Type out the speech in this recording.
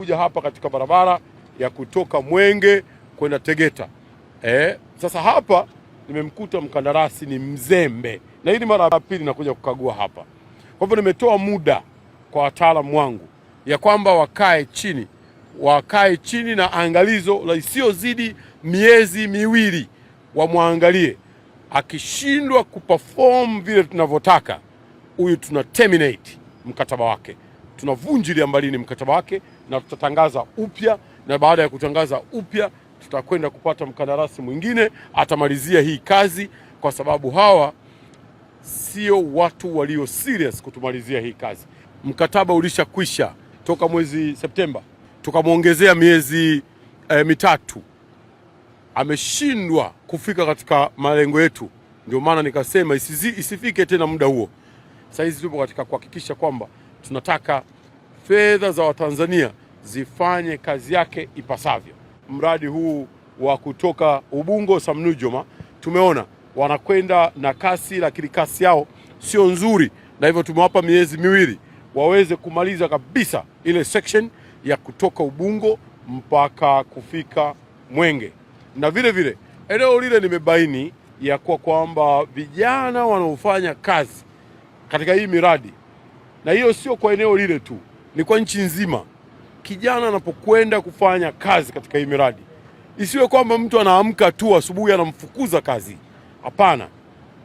kuja hapa katika barabara ya kutoka Mwenge kwenda Tegeta. Eh, sasa hapa nimemkuta mkandarasi ni mzembe, na hii ni mara ya pili nakuja kukagua hapa. Kwa hivyo nimetoa muda kwa wataalamu wangu ya kwamba wakae chini, wakae chini na angalizo la isiyozidi miezi miwili, wamwangalie. Akishindwa kuperform vile tunavyotaka, huyu tuna terminate mkataba wake tunavunjilia mbalini mkataba wake na tutatangaza upya, na baada ya kutangaza upya tutakwenda kupata mkandarasi mwingine atamalizia hii kazi, kwa sababu hawa sio watu walio serious kutumalizia hii kazi. Mkataba ulishakwisha toka mwezi Septemba, tukamwongezea miezi e, mitatu. Ameshindwa kufika katika malengo yetu, ndio maana nikasema isifike tena muda huo. Saizi tupo katika kuhakikisha kwamba tunataka fedha za Watanzania zifanye kazi yake ipasavyo. Mradi huu wa kutoka Ubungo Samnujoma tumeona wanakwenda na kasi, lakini kasi yao sio nzuri, na hivyo tumewapa miezi miwili waweze kumaliza kabisa ile section ya kutoka Ubungo mpaka kufika Mwenge. Na vile vile eneo lile nimebaini ya kuwa kwamba vijana wanaofanya kazi katika hii miradi na hiyo sio kwa eneo lile tu, ni kwa nchi nzima. Kijana anapokwenda kufanya kazi katika hii miradi, isiwe kwamba mtu anaamka tu asubuhi anamfukuza kazi. Hapana,